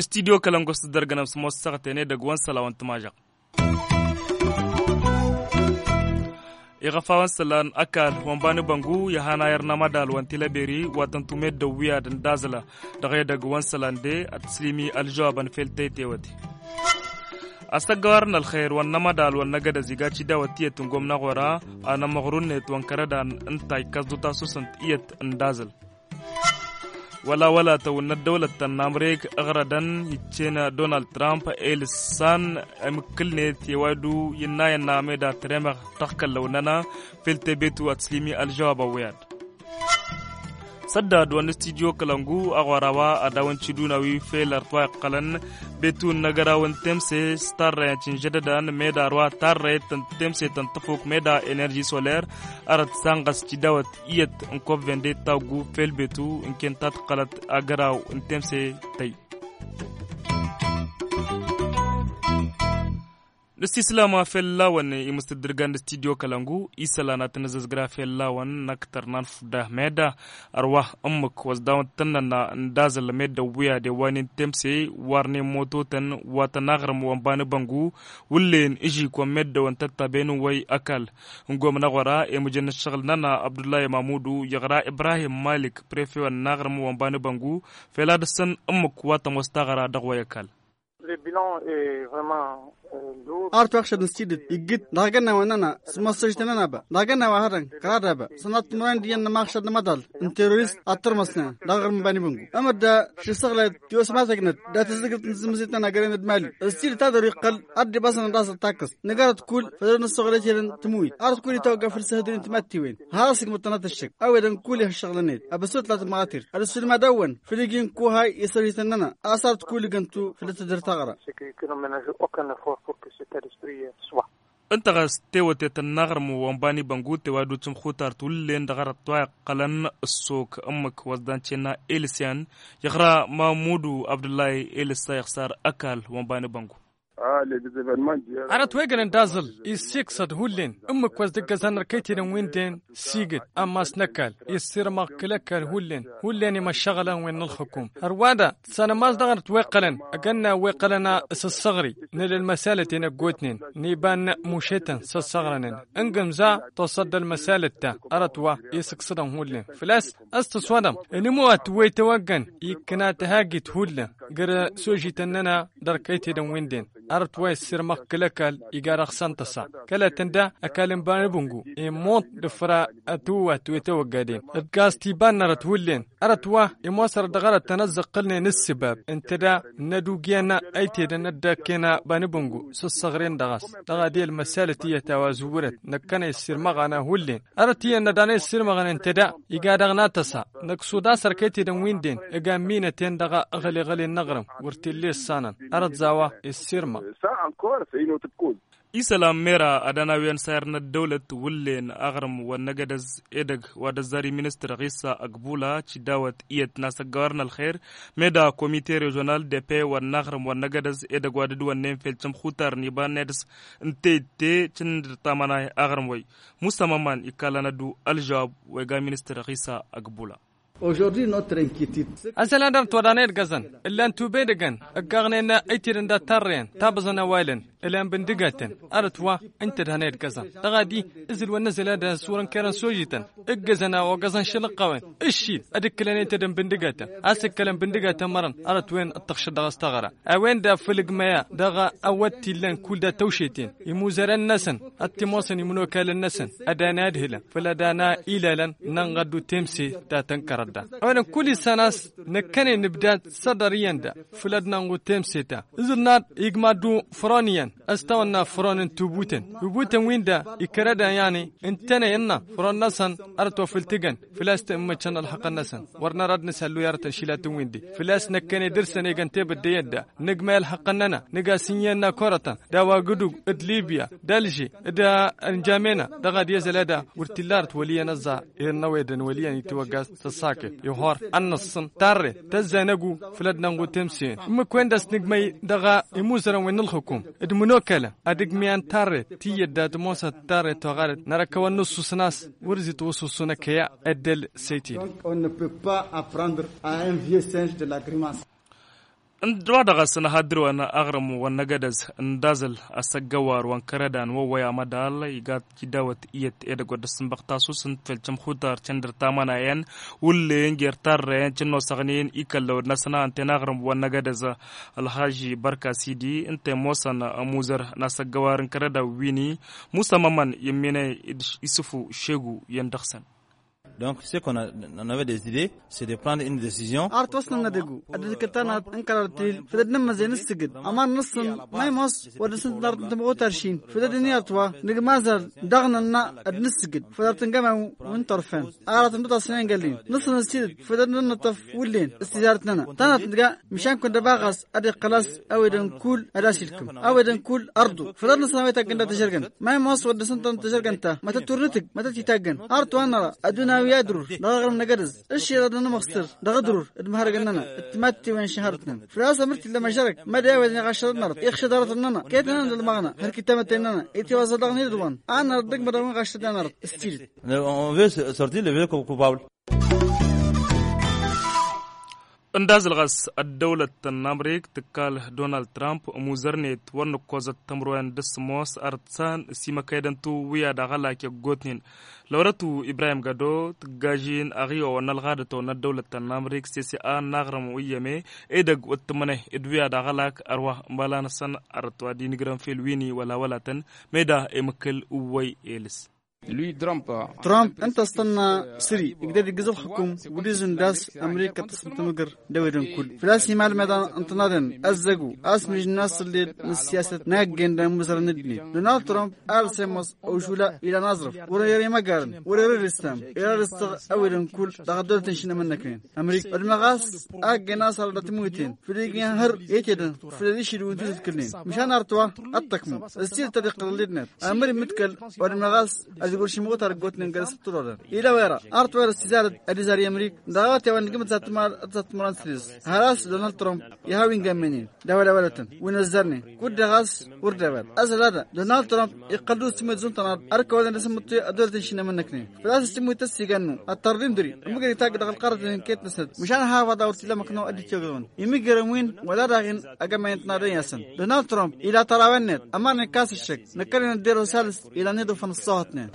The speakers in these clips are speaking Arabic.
studio kalango sadarganam smos daga wani salawan tumaja fawon salan akal wambani bangu yahana yarnama dal wantila beri watan tume wuya da dazala dagaya wani salan de at slimi aljo ban felte tewati astagawar nalkhair wan namadal wan nagada ziga cida watiya tungom nagwara ana maghrunet wan karada antai kasduta susant iyat ndazal ولا ولا تونا الدولة النامريك أغردا يتشينا دونالد ترامب إلسان أمكلني تيوادو ينا ينا ميدا تريمغ تحكا لوننا في التبيت واتسليمي الجواب وياد sadda duwani studio kalangu agwarawa adawan cidunawi felartwa qalan betun nagarawan temse starra cinjedadan meda arwa tarra tan temse tan meda energie solaire arat sangas cidawat iyat nkop vende taggu fel betu nkentat qalat agaraw temse tay nda sislama ne wan i musta da studio kalangu isalana tana fel lawan wan naktar nan fuda meda arwa ammak was dawan tana na ndazal meda de wani temse warne moto tan wata nagram wan bani bangu wullen iji kwa meda wan tatta benu way akal ngom na gwara e shagal nana abdullahi mamudu yagra ibrahim malik prefe wan nagram wan bani bangu fela da san ammak wata wasta gara dagwa yakal artoq shadnsidit igit daganawanana smasishtananaba daganawa haran kararaba sanat muran diyan namaqshad namadal in terrorist atrmasna dagarm banibungu amada shisagla tiosmasagnat datasgrit nzmsitana garanad mali astil tadri qal ardi basan das takas nagarat kul fadrna sagla jiran tmui art kul tawga fil sahdrin tmattiwin hasig mutanat shik awadan kul hshaglanit abasut lat maatir arsul madawan filigin kuhay isritanana asart kul gantu filatadrta الثغره ثغره انتغا ستيوت تنغرم ومباني تي وادو تم خوتار لين دغار طواي قلن السوق امك وزدان تشينا إلسيان يغرا مامودو عبد الله إلسا يخسار أكل ومباني بانغو arat wegen dazl is siksad hullin umkwas digazanar kaitirin winden sigid amas nakal is sirmaq kilakal hullin hullin ima shagalan wen alhukum arwada sanamaz dagar tweqalan aganna weqalana is sagri nil almasalat ina gutnin niban mushetan sa sagranin angam za tasadda almasalat ta aratwa isiksadan hullin flas astaswadam inimu atwaytawagan ikna tahagit hullin gara sojitannana darkaitirin winden artway sirmak kilakal igarax santasa kala tanda akalin banibungu e mont de fra atuwa tuweta wagadin ibgas tiban narat wullin aratwa imwasar dagara tanazza qilne nissibab intada nadugiyana aitida nadda kena banibungu sussagrin dagas daga diyal masalati yatawazuwurat nakkana sirmagana wullin aratiya nadana sirmagana intada igadagna tasa naksuda sarkaitidan windin igamina tendaga ghali ghali nagram wartilis sanan arat zawa السير yamma ça encore c'est une autre cause isala mera adana wen sayar na dawlat wullen agaram wa nagadas edag wa da zari minister rissa agbula ci dawat iyet na sa gawarnal khair meda comité régional de paix wa nagaram wa nagadas edag wa duwan nen fel cham khutar ni ba nedes ntete cindir tamana agaram wai. musa maman ikala na du aljawab wa ga minister rissa agbula أسلام تورانير غزن إلا أن توبيدغن أقاغنينا أيتير اندا تارين تابزنا وايلن إلا أن بندقاتن أرتوا أنت دهنير غزن تغادي إزل ونزل ده سورا كيران سوجيتن إقزنا وغزن شلقاوين إشي أدك كلان أنت دن بندقاتن أسك كلان بندقاتن مرن أرتوين التخش دغا استغرا أوين دا فلق ميا دغا أود تيلان كل دا توشيتين يموزر النسن التموسن يمنوكال النسن أدانا أدهلا فلا دانا إلالا ننغدو تمسي تا تنكرد نبدا أنا كل سنة نكني نبدا صدريا دا فلدنا نغو تمسيتا إذن يقمدو فرانيا أستونا فران تبوتن تبوتن وين دا إكرادا يعني انتنا ينا فران نسن أرتو فلتقن فلاست أمتشان الحق نسن ورنا رد نسهلو يارتا شيلات وين دي فلاس نكني درسن يقن تبدا يدا نقما الحق ننا نقاسينا كورتا دا واقدو اد ليبيا دالجي دا انجامينا دا غادي يزلا دا ورتلارت وليا نزا إرنا ان وليا يتوقع تساك مشكل يهار النصن تاري تزانقو فلدنا نغو تمسين ما كوين داس نجمي دغا يموزرا وين الحكوم ادمنوكلا ادق ميان تاري تي داد موسى تاري تغارت نركوا نص سناس ورزي توسو سنكيا ادل سيتي ndwadaga sna hadirwana agram wanagadas ndazal asagawar wa waya madal iga kidawat iyat edagodasanbak tasusan felcam khudar chandartamanayan wulleyen gertarrayan cinosagniyen ikalaw nasna anten agram wanagadas alhaji barka sidi inte na muzar nasagawar nkarada wini musa maman yemine isufu shegu daksan Donc, ce qu'on on avait des idées, c'est de prendre une décision. Artos nga degu, adikatana inkarartil, fedad nam mazen sigid. Aman nasn, may mos, wad sin dar tam otarshin. Fedad ni atwa, nig mazar dagna na adn sigid. Fedad tangama un tarfan. Arat nta sinen galin. Nasn sid, fedad nan taf wulin, istijaratna. Tana tga mishan kun dabagas adi qalas awidan kul adasilkum. Awidan kul ardu. Fedad nasn awita ganda tajargan. May mos wad sin tan tajargan ta. Mata turnitik, mata titagan. Artwana aduna ناو يادرور دغرم نقرز ايش اش يردنا مغستر دغدرور ادمهرقننا اتماتي وين شهرتنا فراسة مرتي لما جرك ما داوي دني غاشر نرد يخشى دارت لنا كيتنا للمغنا هركي تمتنا ايتي وازا دغني دوان انا ردك غشر غاشر نرد استيل on veut sortir le vieux coupable. ndazilgas addawlat namrik tikal donald trump muzarnet warna kozat tamroyan dasmos artsan simakaidantu wiyadagalake gotnin lawratu ibrahim gado tgajin agiyo nalgadato na dawlata namrik sesi a nagram uyame edag watmane idwiyadagalak arwa mbalanasan artwadinigran fel wini walawalatan meda emakal uway elis ترامب أنت استنى سري يقدر يجزف حكم وديزن داس أمريكا تستمتمقر دويرن كل فلاسي مال مدان انتنادن أزقو أسمج الناس اللي السياسة ناقين دان مزر ندني دونالد ترامب آل سيموس أو شولا إلى نظرف ورا يري مقارن ورا يري رستام إلى رستغ أولن كل لغدر تنشنا منكين أمريكا المغاس أقى ناس على تموتين فريقين هر يتدن فلديش اللي ودوز الكلين مشان أرتوا أتكمو السير طريق للنت أمري متكل والمغاس شي شمو تر گوت نن گرس ترورن ایلا ویرا ارت ویرا سیزار اریزاری امریک دعوات یوان گم تاتمار تاتمران سریز هراس دونالد ترامب يهاوين جمنين دولة ولتن ونزرني كود غاز ورد دول أزل هذا دونالد ترامب يقلدو سمت زون تنار أركو ولا نسمو تي أدول تنشينا منكني فلاس سمو تسي جنو الترضيم دري مقري تاك دغل قارة كيت نسد مشان ها وضع ورتلا مكنو أدي تيغون يمقرم وين ولا راغين أجمعين تنارين ياسن دونالد ترامب إلى تراونت أما نكاس الشك نكرنا ندير وسالس إلى نيدو ندو فنصاتنا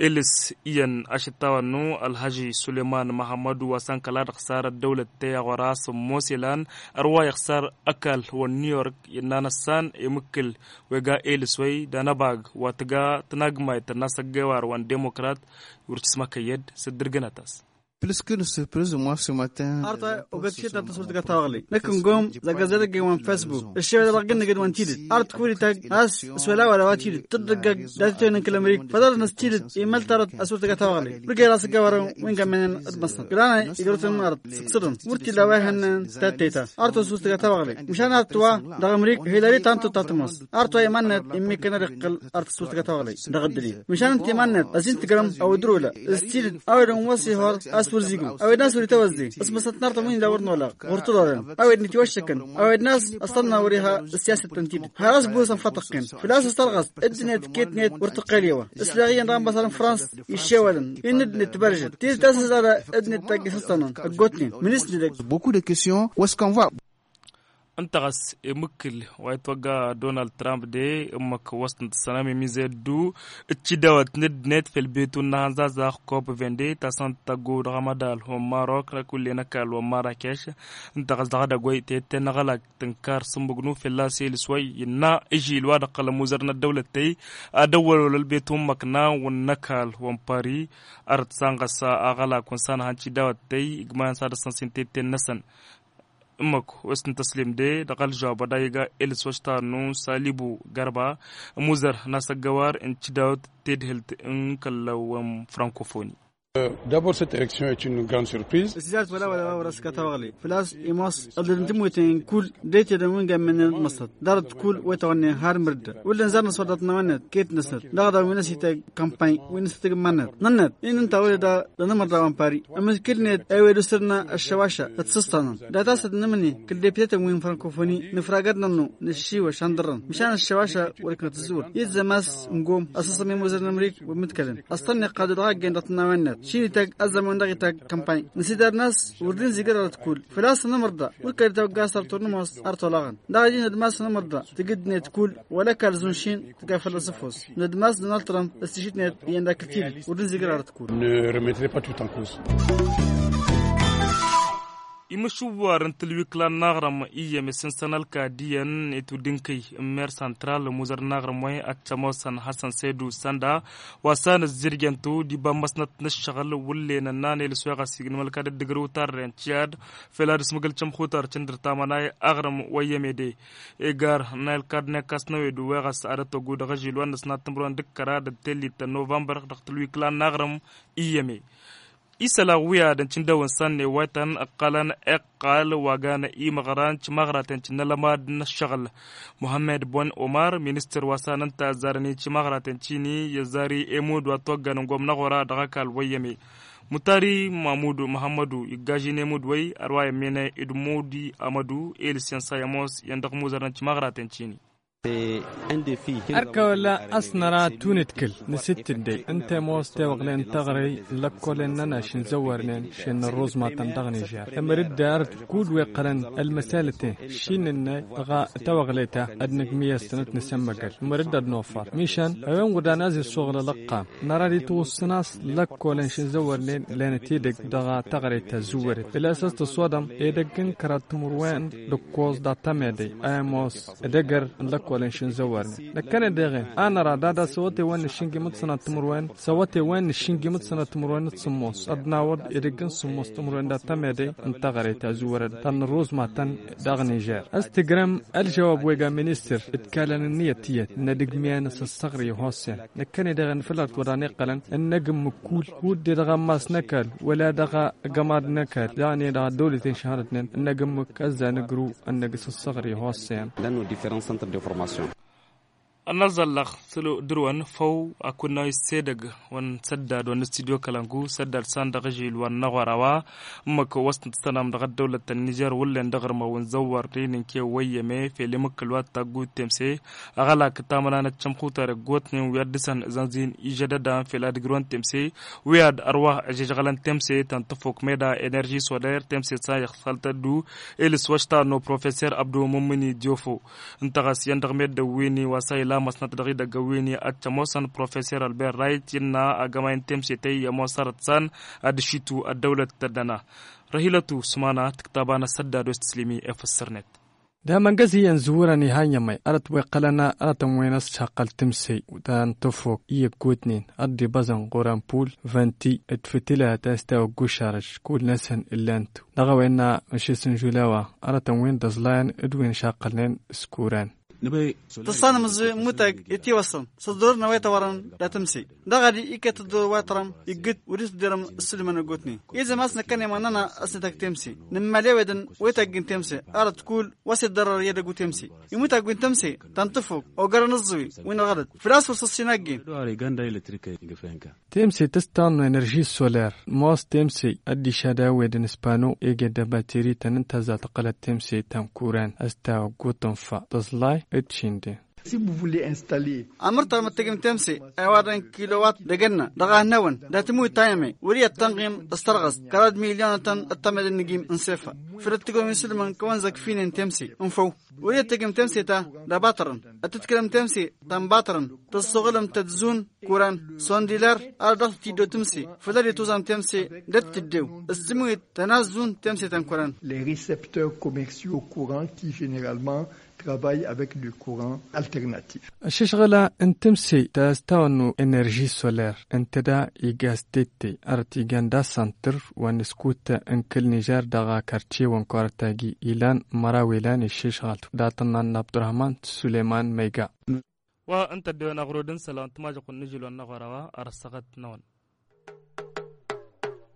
elis iyan ashitawanu alhaji suleiman mahamadu wasan kala yaksar dawlad taya waras mosilan arwa yaksar akal wa new york nanasan emikil wega elis way danabag wataga tanagmay tanasagewar wan demokrat yurtismakayed sadirganatas بلسكن السيربريز وما سمعتها أرتا وقد شيت أنت صورت قطع أغلي لكن قوم زقزة جوان فيسبوك الشيء اللي رقنا قد وان تيدت أرت كوري تاج أس سولا ولا واتيدت تدقق داتو إنك الأمريك فضل نس تيدت إيميل ترت أصورت قطع أغلي بقي راسك قوارو وين كمان أتمسنا قلانا يقرط المارد سكسرن ورتي لواهن تاتيتا أرتا صورت قطع أغلي مشان أرتوا دا أمريك هيلاري تانتو تاتمس أرتوا إيمانت إمي كنا رقل أرت صورت قطع دا غدلي مشان أنت إيمانت أزين أو درولا استيدت أو رنوسي هور زیگو او ناس وريتا وزي بس مستنار تموين دا ورن ولا غورتو دارن أويد نتوشكن او ناس أصلنا وريها السياسة التنتيب هراس فتق فتقن فلاس استرغس الدنيت كيت نيت ورتقاليوا إسلاغيا رام مثلا فرانس يشاولن إن الدنيت تبرجت تيز تاسس على الدنيت تاكي سستنن أقوتنين من Beaucoup de questions. Où est-ce antaxas emukil waytwaga donald trump de emak wasnt sanami mise du cidawat ned net felbetu nahanzazax cop 22 tasantagu raxamadal ho maroc rakulenakal wa marakesh ntaxas daxadagoy tete naxalak tenkar sumbugnu felaselisway yina ijilwa daqala muzarna dawlatay adawalolal betu makna wannakal wan pari art sanxasa axalak wansan han cidawat tay igmayan sadasan sintete nasan mako westin taslim de da kalja badaiga el sosta no salibu garba muzar na sagawar in cidawar ted health in kallawar francophonie D'abord, cette élection est une grande surprise. Sizar شيني تاك أزم وندغي تاك كمباني نسيت ناس وردين زيقر تقول فلاس نمرضى وكر تاك قاسر تورنموس أرتولاغن دا غادي ندماس نمرضى نيت كول ولا كالزونشين تكا فلسفوس ندماس دونالد ترامب نيت يندا كتير وردين زيقر تقول Ne remettez pas imashuwar tilwikla nagram iya misin sanalka diyan itu dinkai mer central muzar nagram wai atamosan hassan saidu sanda wasan zirgen tu di ba masnat na shagal wulle na nane li suya gasi gina malka da digiru tar ren ciyad fela da smugal cham khutar chindir tama na agram wai yamede egar nail kad ne ada togu da gajilwan da sna tambruan dikkara da da tilwikla nagram iya me isala wuya dan cinda wansan ne watan akalan ekal na i magaran ci magaratan ci nalama na shagal muhammad bon omar minister wasanan ta zarani ci magaratan ci ni ya zari emu da togganin gwamna gora daga kalwaye mutari mamudu muhammadu igaji ne mudwai arwaye mene idmudi amadu el siyansa yamos yandak muzaran ci magaratan ci ni أركولا أسنرا تونتكل نسيت الدي أنت موست وغلين تغري لكولين أنا شن زورنين شن الروز ما تندغني جار أما رد أرد كود ويقرن المسالتين شين إن غا توغليتا أدنك مية سنة نسمقل أما رد نوفر ميشان أيوم قد نازل صغل لقام نرى دي توسناس لكولين شن زورنين لين تيدك دغا تغري تزورت إلا أساس تصودم إيدك انكرا تمروين دكوز دا تميدي أيموس إدقر لكو kolin shinzo warne da kane degen ana rada da sawate wan shingi mutsana tumurwen sawate wan shingi mutsana tumurwen tsumos adna wad irigin tsumos tumurwen da tamede intagare ta zuwar tan roz matan dag niger instagram al jawab wega minister itkalan niyatiyat na digmiyan sasagri hosen da kane degen filat wadane qalan annagm mukul hud daga mas nakal wala daga gamad nakal yani daga dawlatin shahadatnen annagm kazza nagru annagis sasagri hosen لانه ديفيرون سنتر دو información. nazallakh slo dirwan fow akunai sedeg wan saddad wan studio kalangu saddad san daqashil wan naqwarawa maka wasnt sanam daqa dawlata niger wulen daqarma wan zawar rinin ke wayame felima kalwa tagu temse agala katamanana chamkutare gotnin wiyad disan zanzin ijadada felad girwan temse wiyad arwah ajajagalan temse tan tafok meda energy solaire temse sa yaksalta du elis washta no professeur abdou mumini diofo ntaqas yandaqmeda wini wasayla masnatdagi daga wini aca mosan professeur albert wright yinna agamayin temsetay yamo saratsan adishitu adawlat tadana rahilatu sumana tiktabana sadado istislimi efsirnet ده من جزي ينزورني هاي يمي أرت وقلنا أرت وينس شاقل تمسي ودان تفوق إيه كوتنين أدي بزن قران بول فانتي اتفتلا تاستا وقوشارج كل نسن إلا انتو نغوينا مشي سنجولاوا أرت وين دزلاين ادوين شاقلين سكوران Тұстанымызы мұтәк еті васын, сылдыр навай таварын дәтімсей. Дағари ике тұдыр вай тарам, игіт үріс дерім үсілімені көтіне. Езі мас нәкәне манана асынтәк темсей. Німмәле вәдін өйтәк гін темсей, арат күл васы дарар еді гү темсей. Имутәк гін темсей, тантыфук, огарыныз зүй, уйна ғадат. Фрас фұрсыз сенәк гін. Темсей тыстану энергии соляр. Мос темсей адди шада вәдін испану егеді бәтери тәнін тазаты қалат темсей там күрән. Әстәу гүтін фа. Тызлай etchindi amartar matagim temse aywadan kilowatt degenna dagahnawan datimu itayame weli attanqim dastarqas karad milionatan attamedenigim ansefa فرتكم مسلم كون زك فين تمسي انفو ويا تكم تمسي تا دباترن اتتكلم تمسي تم باترن تسوغلم تدزون كوران سون ديلر اردف تي دو تمسي فلر توزام تمسي دت تدو استمو تنازون تمسي تن كوران les récepteurs commerciaux courants qui généralement travaille avec du courant alternatif. Shishgala intimsi ta stawnu énergie solaire intada igastete artiganda center scout, skuta kel Niger daga quartier wan kwartagi ilan marawilan shishgal datanan Abdurrahman Suleiman Mega. وانت دون nagrodin, سلام تماجق النجل والنغرة أرسقت non.